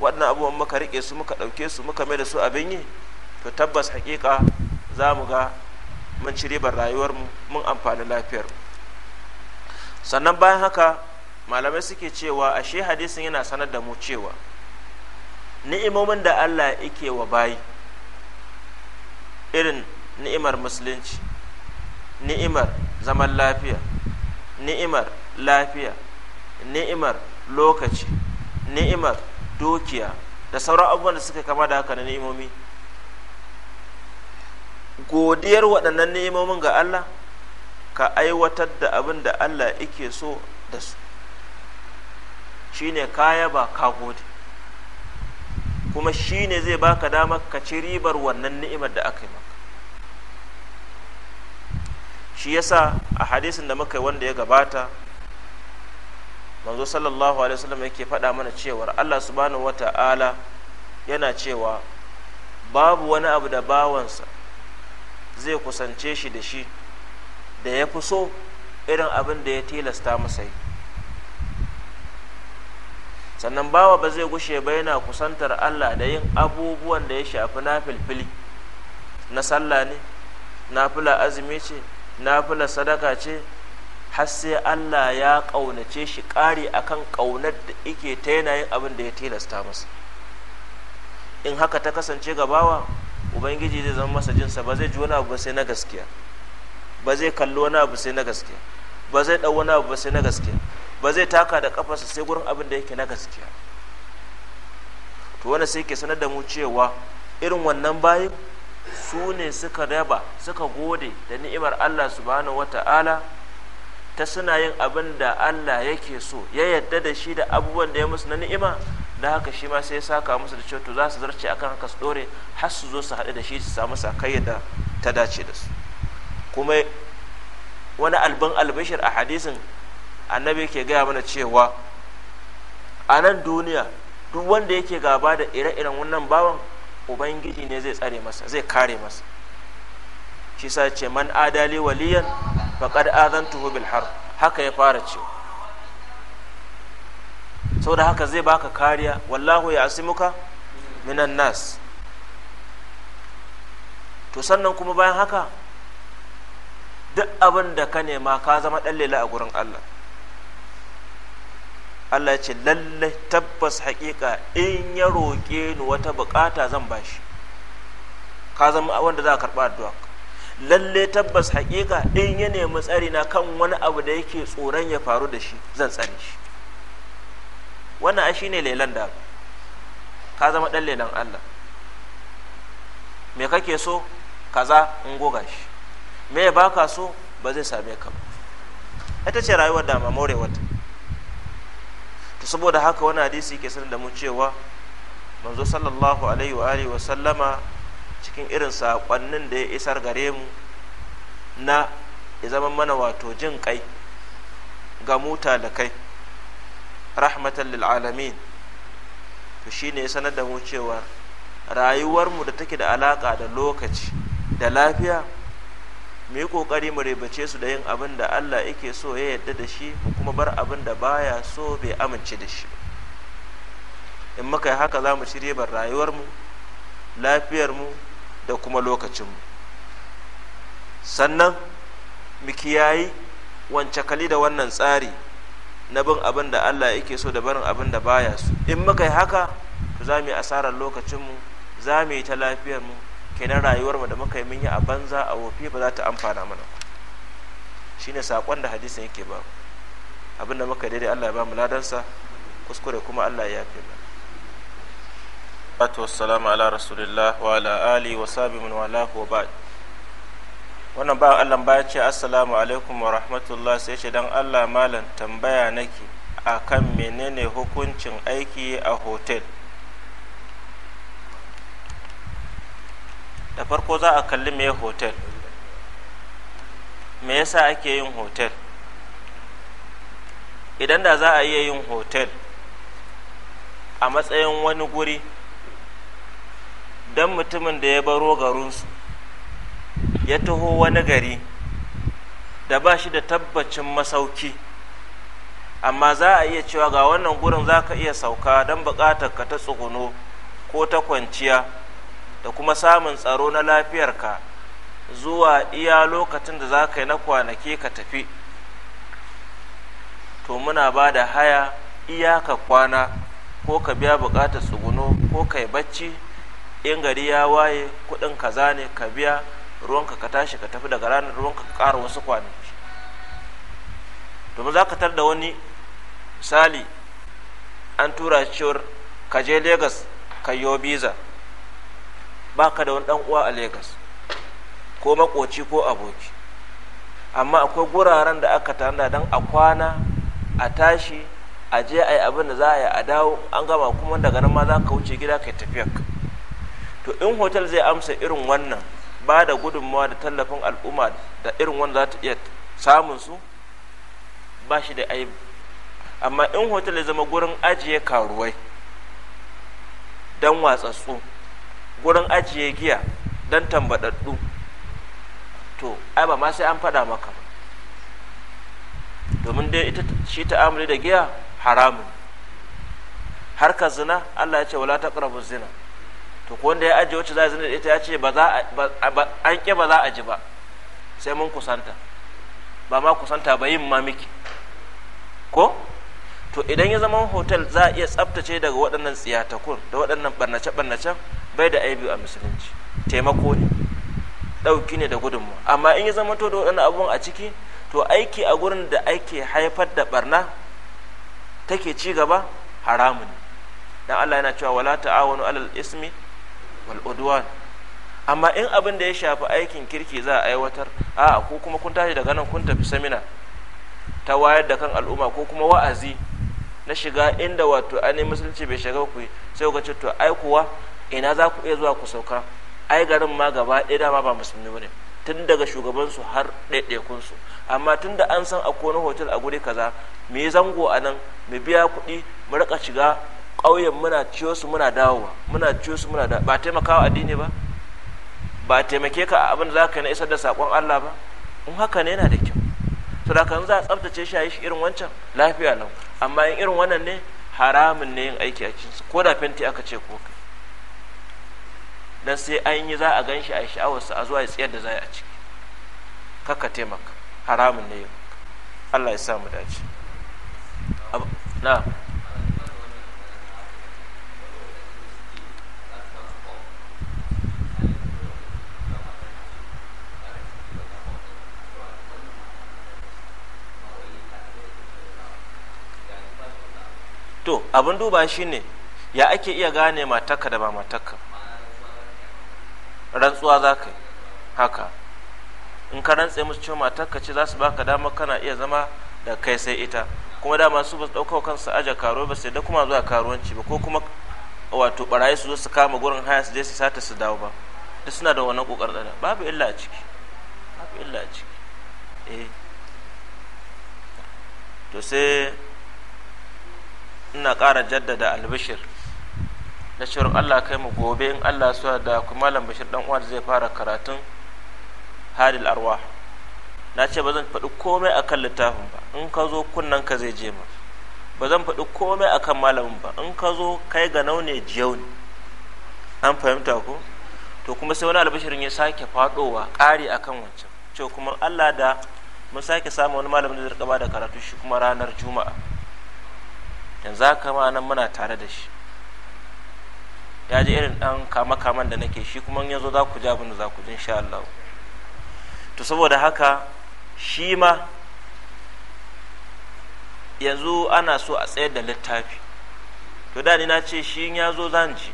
A: waɗannan abubuwan muka rike su muka ɗauke su muka mai da su abin yi to tabbas hakika za mu ga mun ci ribar rayuwarmu mun amfani lafiyar sannan bayan haka malamai suke cewa ashe hadisin yana sanar da mu cewa ni'imomin da Allah yake wa bayi irin ni'imar musulunci ni'imar zaman lafiya ni'imar lafiya ni'imar lokaci ni'imar dukiya da sauran abubuwan da suka kama da haka na ni'imomi godiyar waɗannan ni'imomin ga Allah ka aiwatar da abin da Allah yake so da su Shi ne kaya ba ka gode kuma shi ne zai baka damar ka ci ribar wannan ni'imar da aka yi maka shi yasa a hadisin da muka yi wanda ya gabata manzo sallallahu alaihi wasallam yake faɗa mana cewa Allah subhanahu wata'ala yana cewa babu wani abu da bawansa zai kusance shi da shi da ya fi so irin abin da ya tilasta masa yi sannan bawa ba zai gushe ba yana kusantar Allah da yin abubuwan da ya shafi na filfili na sallah ne na fila azumi ce nafilar sadaka ce har sai Allah ya ƙaunace shi ƙari akan ƙaunar da yake ta yanayin abin da ya tilasta masa in haka ta kasance gabawa ubangiji zai zama masa jinsa ba zai ji wani abu ba sai na gaskiya ba zai kalli wani abu sai na gaskiya ba zai ɗau wani abu ba sai na gaskiya ba zai taka da kafarsa sai gurin abin da yake na gaskiya to wani sai ke sanar da mu cewa irin wannan bayin su ne suka raba suka gode da ni'imar Allah subhanahu wata'ala ta suna yin abin da Allah yake so ya yadda da shi da abubuwan da ya musu na ni'ima da haka shi ma sai ya saka musu da cewa za su zarce akan haka su dore har su zo su haɗu da shi su samu sakayya da ta dace da su kuma wani albin albishir a hadisin annabi ke gaya mana cewa a nan duniya duk wanda yake gaba da ire-iren wannan bawan ubangiji ne zai tsare masa zai kare masa shi sa ce man adali waliyan faqad azantuhu bil har haka ya fara cewa da haka zai baka kariya wallahu ya asimuka minan nas to sannan kuma bayan haka duk abin da ka nema ka zama ɗan a gurin Allah Allah ce lalle tabbas haƙiƙa in ya roƙe ni wata buƙata zan bashi ka zama wanda za a karɓa addu'a lalle tabbas haƙiƙa in ya nemi tsari na kan wani abu da yake tsoron ya faru da shi zan tsare shi wannan ashi ne lelan da ka zama ɗan lelan Allah me kake so kaza in goga shi me ba ka so ba zai same ka ba ita ce rayuwar dama more wata ta saboda haka wani hadisi ke sanar da mu cewa manzo sallallahu alaihi wa alihi wa sallama cikin irin saƙonnin da ya isar gare mu na ya zama mana wato jin kai ga muta da kai rahmatan lil alamin to shine ya sanar da mu cewa rayuwarmu da take da alaka da lokaci da lafiya mu yi kokari mu ribace su da yin abin da Allah yake so ya yadda da shi kuma bar abin da baya so bai amince da shi in muka yi haka za mu ci ribar rayuwarmu lafiyarmu da kuma lokacinmu sannan mu kiyayi wancakali da wannan tsari na bin abin da Allah yake so da barin abin da baya so in muka yi haka to za mu yi asarar lokacinmu za mu yi ta lafiyarmu kenan rayuwar mu da muka yi mun yi a banza a wofi ba za ta amfana mana shine sakon da hadisin yake ba abin da muka daidai Allah ya ba mu ladansa kuskure kuma Allah ya yafe mana wato assalamu ala rasulillah wa ala ali wa sabi min wa lahu wa ba'd wannan ba Allah ya ce assalamu alaikum wa rahmatullah sai ce dan Allah malam tambaya nake akan menene hukuncin aiki a hotel da farko za a kalli me hotel me yasa ake yin hotel idan da za a iya yin hotel a matsayin wani guri don mutumin da ya baro garinsu ya taho wani gari da ba shi da tabbacin masauki amma za a iya cewa ga wannan gurin za ka iya sauka don bukatar ka ta tsuguno ko ta kwanciya da kuma samun tsaro na lafiyarka zuwa iya lokacin da za ka yi na kwanaki ka tafi to muna ba da haya iyaka kwana ko ka biya bukatar tsuguno ko ka yi bacci in gari ya waye kudin kaza ne ka biya ruwanka ka tashi ka tafi daga ranar ruwanka ka ƙara wasu kwanaki domin za ka tar da wani misali an tura cewar ka je Legas ka yi biza baka da wani dan uwa a Legas ko makoci ko aboki amma akwai guraren da aka tanda dan a kwana a tashi a je a yi abin da za a yi a dawo an gama kuma daga nan ma za ka wuce gida kai tafiya to in hotel zai amsa irin wannan ba da gudunmawa da tallafin al'umma da irin wanda za ta iya samun su ba shi da aibu amma in hotel ya zama gurin ajiye karuwai don watsatsu Wurin ajiye giya don tambadaddu to ai ba ma sai an faɗa maka ba. domin dai ita shi ta'amuli da giya haramun harkar zina Allah ya ce wala ta ƙarfi zina to ko wanda ya ajiye wacce za zina ita ya ce an ƙi ba za a ji ba sai mun kusanta ba ma kusanta ba yin ma miki ko to idan ya zama hotel za a iya tsaftace daga waɗannan tsiyatakun da waɗannan barnace barnace bai da aibu a musulunci taimako ne ɗauki ne da gudunmu amma in ya zama to da waɗannan abubuwan a ciki to aiki a gurin da ake haifar da barna take ci gaba haramun ne dan Allah yana cewa wala ta'awanu alal ismi wal udwan amma in abin da ya shafi aikin kirki za a aiwatar a ko kuma kun tashi daga nan kun tafi samina ta wayar da kan al'umma ko kuma wa'azi na shiga inda wato ainihin musulunci bai shiga ku sai ku ce to ai kuwa ina za ku iya zuwa ku sauka ai garin ma gaba ɗaya dama ba musulmi bane tun daga shugabansu har su amma tun da an san a kona hotel a guri kaza mu yi zango a nan mu biya kuɗi mu riƙa shiga ƙauyen muna ciyo su muna dawowa muna ciyo su muna ba taimakawa addini ba ba taimake ka abin da za ka yi na isar da saƙon Allah ba in haka ne yana da kyau to da kan za a tsaftace shi a yi shi irin wancan lafiya lau amma in irin wannan ne haramun ne yin aiki a cikinsu ko da fenti aka ce ko kai dan sai an yi za a gan shi a sha'awarsa a zuwa ya tsayar da za a ciki kaka taimaka haramun ne yin Allah ya sa mu dace na to abin duba shine ya ake iya gane matakka da ba matakka rantsuwa za ka yi haka in ka rantse musu cewa matakka ce za su baka dama kana iya zama da kai sai ita kuma dama su ba su ɗauka kansu aja karuwa ba sai da kuma zuwa karuwanci ba ko kuma wato barayi su zo su kama gurin haya su je su sata su dawo ba duk suna da wannan kokar da babu illa a ciki babu illa a ciki eh to sai ina ƙara jaddada albishir na shirin allah kai mu gobe in allah suwa da kuma malam bashir dan uwa zai fara karatun hadil arwa na ce ba zan faɗi komai akan littafin ba in ka zo kunnen ka zai je ma ba zan faɗi komai akan malamin ba in ka zo kai ga naune jiyau ne an fahimta ku? to kuma sai wani albishirin ya sake faɗowa ƙari akan wancan ce kuma allah da mun sake samun wani malamin da zai da karatu shi kuma ranar juma'a yanzu haka ma nan muna tare da shi ya ji irin dan kama kaman da nake shi kuma yanzu za ku ji abin da za ku ji insha Allah to saboda haka shi ma yanzu ana so a tsayar da littafi to da ni na ce shi ya zo zan ji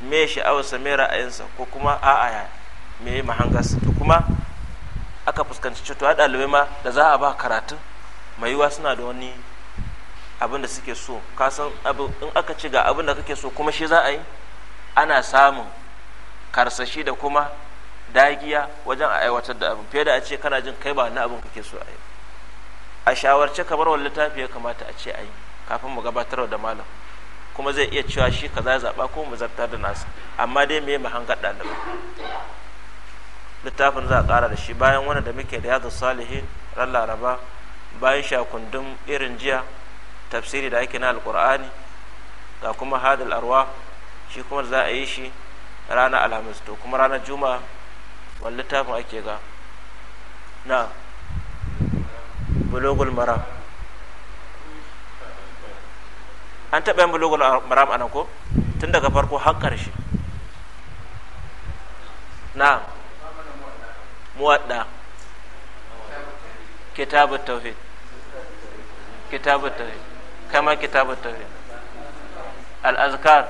A: me sha'awarsa me ra'ayinsa ko kuma a'a ya me mahangarsa to kuma aka fuskanci cutuwa ɗalibai ma da za a ba karatun mai yiwuwa suna da wani abin da suke so kasan in aka ci ga abin da kake so kuma shi za a yi ana samun karsashi da kuma dagiya wajen a aiwatar da abin fiye da a ce kana jin kai ba na abin kake so a yi a shawarce kamar wani littafi ya kamata a ce a yi kafin mu gabatar da malam kuma zai iya cewa shi kaza zaɓa ko mu zartar da nasa amma dai me mu hanga ɗalibai littafin za a ƙara da shi bayan wani da muke da yadda salihin ran laraba bayan shakundun irin jiya tafsiri da ake na alkur'ani ga kuma hadal arwa shi kuma za a yi shi ranar alhamis to kuma ranar juma'a wani littafin ake ga na bulogul maram an taɓa yin bulogul maram a nan ko tun daga farko har ƙarshe na muwadda kitabu tauhid kitabu tauhid kai ma kitabar tauhid al-azkar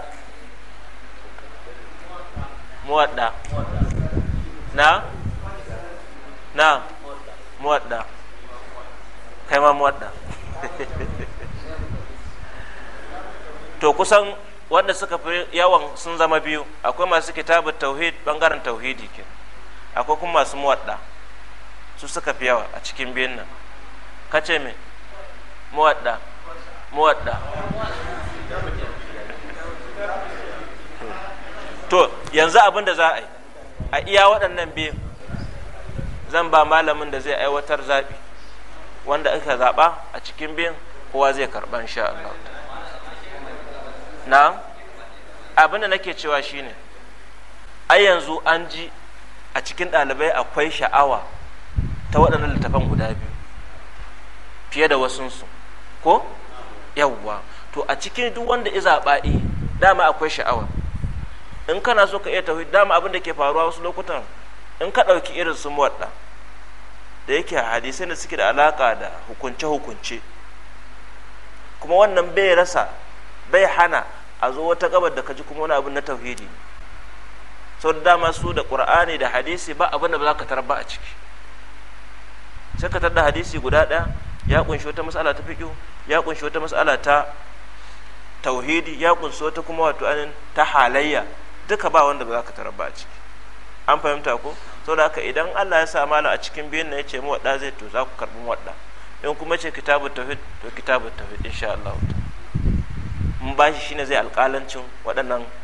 A: muwadda na na muwadda kai ma muwadda to kusan wanda suka fi yawan sun zama biyu akwai masu kitabar tauhid bangaren tauhidi ke akwai kuma masu muwadda su suka fi yawa a cikin biyun nan kace me muwadda muwadda to yanzu abin da za a yi a iya waɗannan biyu zan ba malamin da zai aiwatar zaɓi wanda aka zaɓa a cikin biyun kowa zai karɓa sha Allah na abin da nake cewa shine a yanzu an ji a cikin ɗalibai akwai sha'awa ta waɗannan littafan guda biyu fiye da wasunsu ko yawwa to a cikin duk wanda ya zaɓa e dama akwai sha'awa in kana so ka iya tafi dama abin da ke faruwa wasu lokutan in ka ɗauki irin su muwaɗa da yake hadisai da suke da alaƙa da hukunce-hukunce kuma wannan bai rasa bai hana a zo wata gabar da ka ji kuma wani abin na tauhidi sau da dama su da ƙur'ani da hadisi ba abin da ba za ka tarba a ciki sai ka tarda hadisi guda ɗaya ya kunshi wata mas'ala ta fiqh ya kunshi wata mas'ala ta tauhidi ya kunshi wata kuma wato anin ta halayya duka ba wanda ba za ka tarabba a ciki an fahimta ko saboda haka idan Allah ya sa mala a cikin biyun na yace mu wadda zai to za ku karbi wadda in kuma ce kitabu tauhid to kitabu tauhid insha Allah mun ba shi shine zai alƙalancin waɗannan